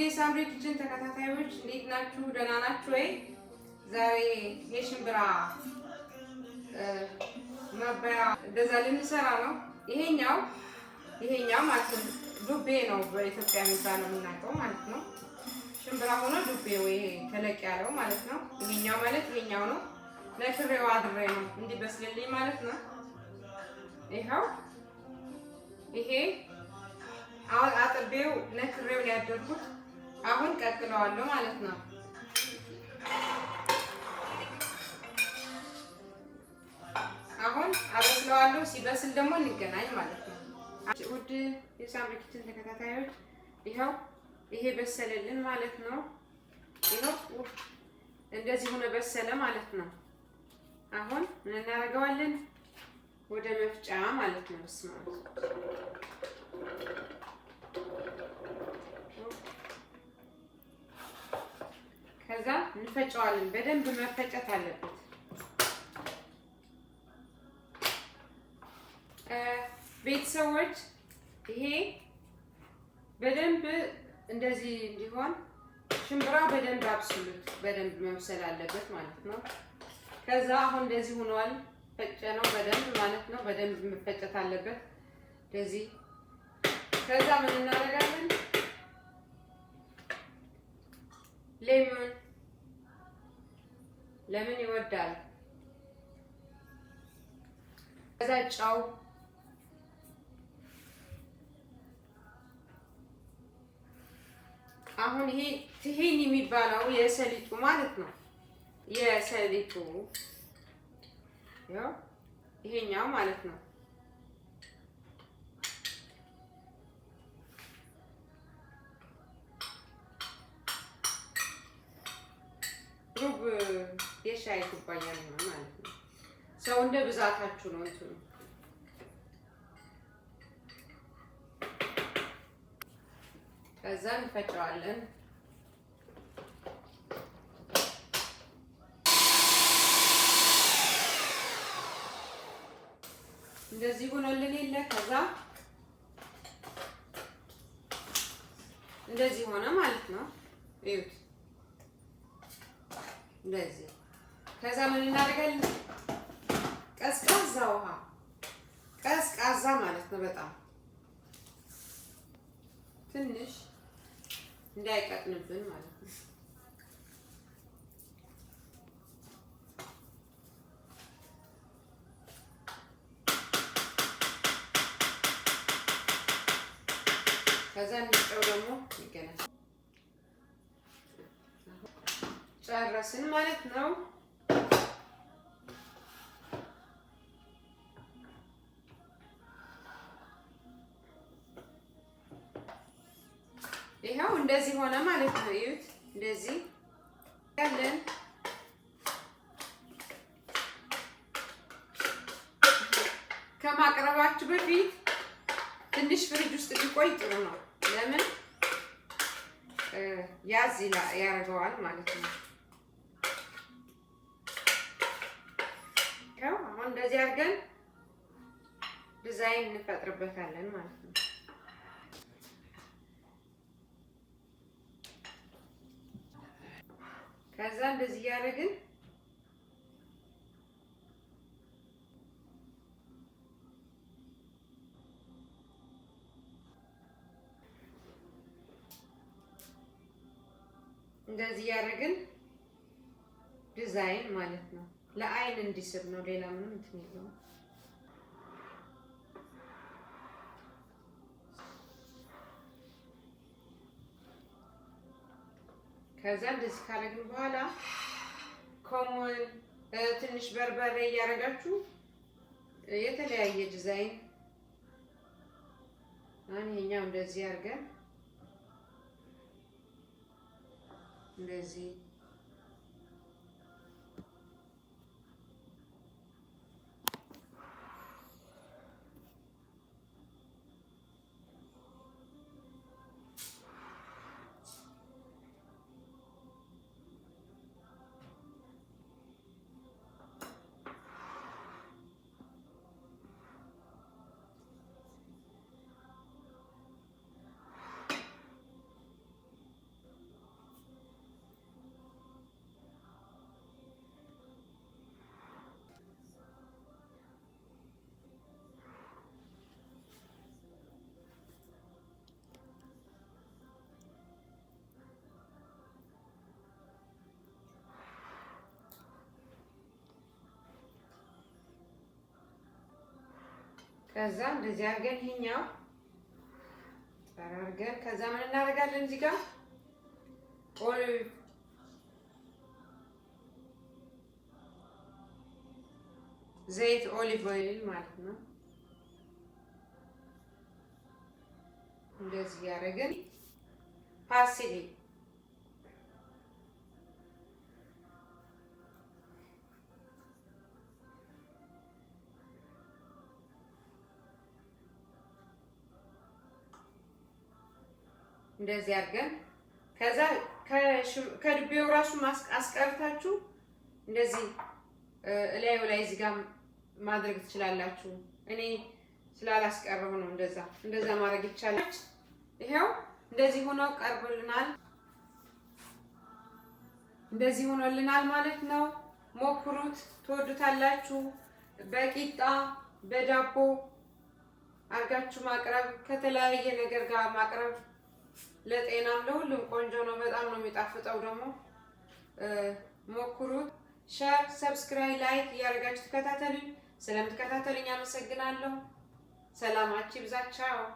ውዴ ሳምሪ ኪችን ተከታታዮች እንዴት ናችሁ? ደህና ናችሁ ወይ? ዛሬ የሽምብራ ማባያ እንደዛ ልንሰራ ነው። ይሄኛው ይሄኛው ማለት ዱቤ ነው በኢትዮጵያ የሚባለው የምናውቀው ማለት ነው። ሽምብራ ሆኖ ዱቤ ወይ ተለቅ ያለው ማለት ነው። ይሄኛው ማለት ይሄኛው ነው። ለክሬው አድሬ ነው እንዲበስልልኝ ማለት ነው። ይኸው ይሄ አጥቤው ነክሬውን ያደርጉት አሁን ቀቅለዋለሁ ማለት ነው። አሁን አበስለዋለሁ። ሲበስል ደግሞ እንገናኝ ማለት ነው። ውድ የሳምሪ ኪችን ተከታታዮች ይኸው ይሄ በሰለልን ማለት ነው። ይኸው እንደዚህ ሆነ በሰለ ማለት ነው። አሁን ምን እናደርገዋለን? ወደ መፍጫ ማለት ነው። ስማ ከዛ እንፈጨዋለን። በደንብ መፈጨት አለበት። ቤተሰቦች ይሄ በደንብ እንደዚህ እንዲሆን ሽምብራ በደንብ አብስሉት። በደንብ መብሰል አለበት ማለት ነው። ከዛ አሁን እንደዚህ ሆኗል። ፈጨ ነው በደንብ ማለት ነው። በደንብ መፈጨት አለበት እንደዚህ። ከዛ ምን እናደርጋለን? ሌሞን ለምን ይወዳል? ከዛ ጨው አሁን ይሄ ትሂን የሚባለው የሰሊጡ ማለት ነው። የሰሊጡ ይሄኛው ማለት ነው። ሩብ የሻይ ኩባያ ነው ማለት ነው። ሰው እንደ ብዛታችሁ ነው እንትኑ ከዛ እንፈጨዋለን። እንደዚህ ሆኖልን የለ ከዛ እንደዚህ ሆነ ማለት ነው። እዩት እንደዚህ ከዛ ምን እናደርጋለን? ቀዝቃዛ ውሃ ቀዝቃዛ ማለት ነው። በጣም ትንሽ እንዳይቀጥንብን ማለት ነው። ከዛ እንጨው ደግሞ ይገናል። ጨረስን ማለት ነው። ያው እንደዚህ ሆነ ማለት ነው። ይዩት እንደዚህ ያለን ከማቅረባችሁ በፊት ትንሽ ፍሪጅ ውስጥ ቢቆይ ጥሩ ነው። ለምን ያዝ ያደርገዋል ማለት ነው። ያው አሁን እንደዚህ አድርገን ዲዛይን እንፈጥርበታለን ማለት ነው። ከዛ እንደዚህ እያደረግን እንደዚህ እያደረግን ዲዛይን ማለት ነው። ለአይን እንዲስብ ነው። ሌላ ምንም እንትን የለውም። ከዛ እንደዚህ ካደረግን በኋላ ኮሞን ትንሽ በርበሬ እያደረጋችሁ የተለያየ ዲዛይን አሁን ይሄኛው እንደዚህ አድርገን እንደዚህ ከዛ እንደዚህ አድርገን ይሄኛው ጠራርገን ከዛ ምን እናደርጋለን እዚህ ጋር ቆል ዘይት ኦሊቭ ኦይል ማለት ነው። እንደዚህ ያደረግን ፓስሊ እንደዚህ አድርገን ከዛ ከድቤው ራሱ አስቀርታችሁ እንደዚህ እላዩ ላይ እዚህ ጋር ማድረግ ትችላላችሁ። እኔ ስላላስቀረው ነው እንደዛ እንደዛ ማድረግ ይቻላል። ይሄው እንደዚህ ሆኖ ቀርብልናል። እንደዚህ ሆኖልናል ማለት ነው። ሞክሩት፣ ትወዱታላችሁ። በቂጣ በዳቦ አርጋችሁ ማቅረብ ከተለያየ ነገር ጋር ማቅረብ ለጤናም ለሁሉም ቆንጆ ነው። በጣም ነው የሚጣፍጠው። ደግሞ ሞክሩት። ሸር፣ ሰብስክራይብ፣ ላይክ እያደረጋችሁ ተከታተሉኝ። ስለምትከታተሉኝ አመሰግናለሁ። ሰላማችሁ ይብዛችሁ።